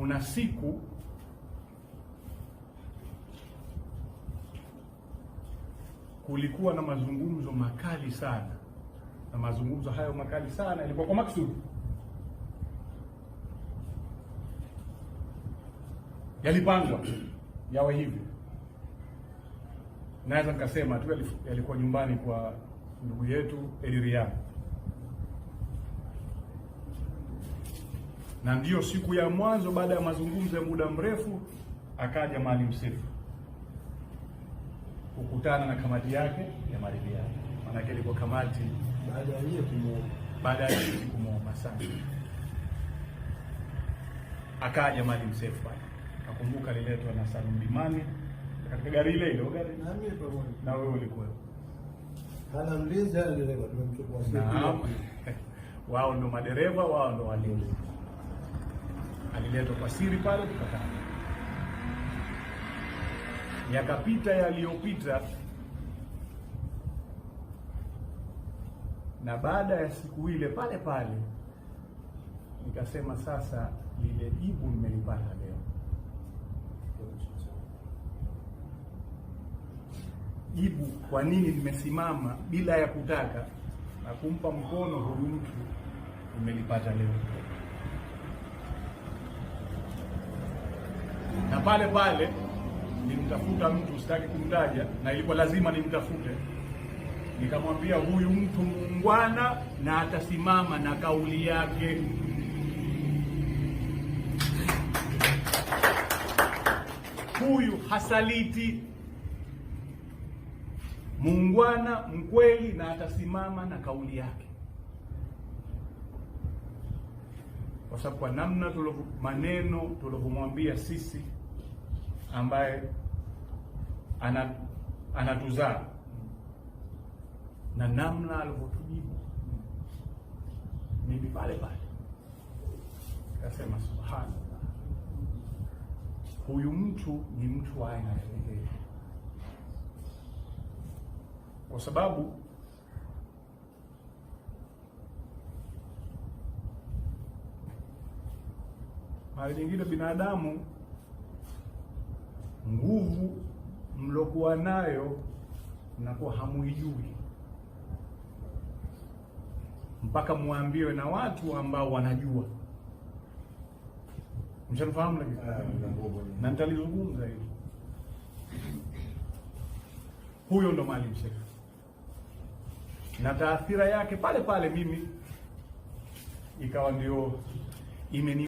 kuna siku kulikuwa na mazungumzo makali sana, na mazungumzo hayo makali sana yalikuwa kwa maksudi, yalipangwa yawe hivyo. Naweza nikasema tu yalikuwa nyumbani kwa ndugu yetu Ediriyani. na ndiyo siku ya mwanzo baada ya mazungumzo ya muda mrefu akaja Maalim Seif kukutana na kamati yake ya maridhiano, maanake ilikuwa kamati baada ya yeye kumuomba, baada ya yeye kumuomba sana. Akaja Maalim Seif pale, nakumbuka liletwa na Salum Dimani katika gari ile ile, gari na wewe ulikuwa kana mlinzi, dereva tumemchukua, wao ndio madereva, wao ndio walinzi aliletwa kwa siri pale, miaka Yakapita yaliyopita, na baada ya siku ile pale pale nikasema sasa, lile jibu nimelipata leo. Jibu kwa nini nimesimama bila ya kutaka na kumpa mkono huyu mtu nimelipata leo. pale pale nilimtafuta mtu, sitaki kumtaja, na ilikuwa lazima nimtafute. Nikamwambia huyu mtu muungwana na atasimama na kauli yake. Huyu hasaliti, muungwana mkweli, na atasimama na kauli yake, kwa sababu kwa namna tulivyo, maneno tulivyomwambia sisi ambaye anatuzaa na namna alivyotujibu mimi pale pale kasema, subhanallah, huyu mtu ni mtu wa aina hii, kwa sababu mara nyingine binadamu nguvu mlokuwa nayo mnakuwa hamuijui mpaka muambiwe na watu ambao wanajua. Mshanifahamu lakini, ah, na nitalizungumza hili. Huyo ndo Maalim Seif na taathira yake pale pale mimi ikawa ndio imeni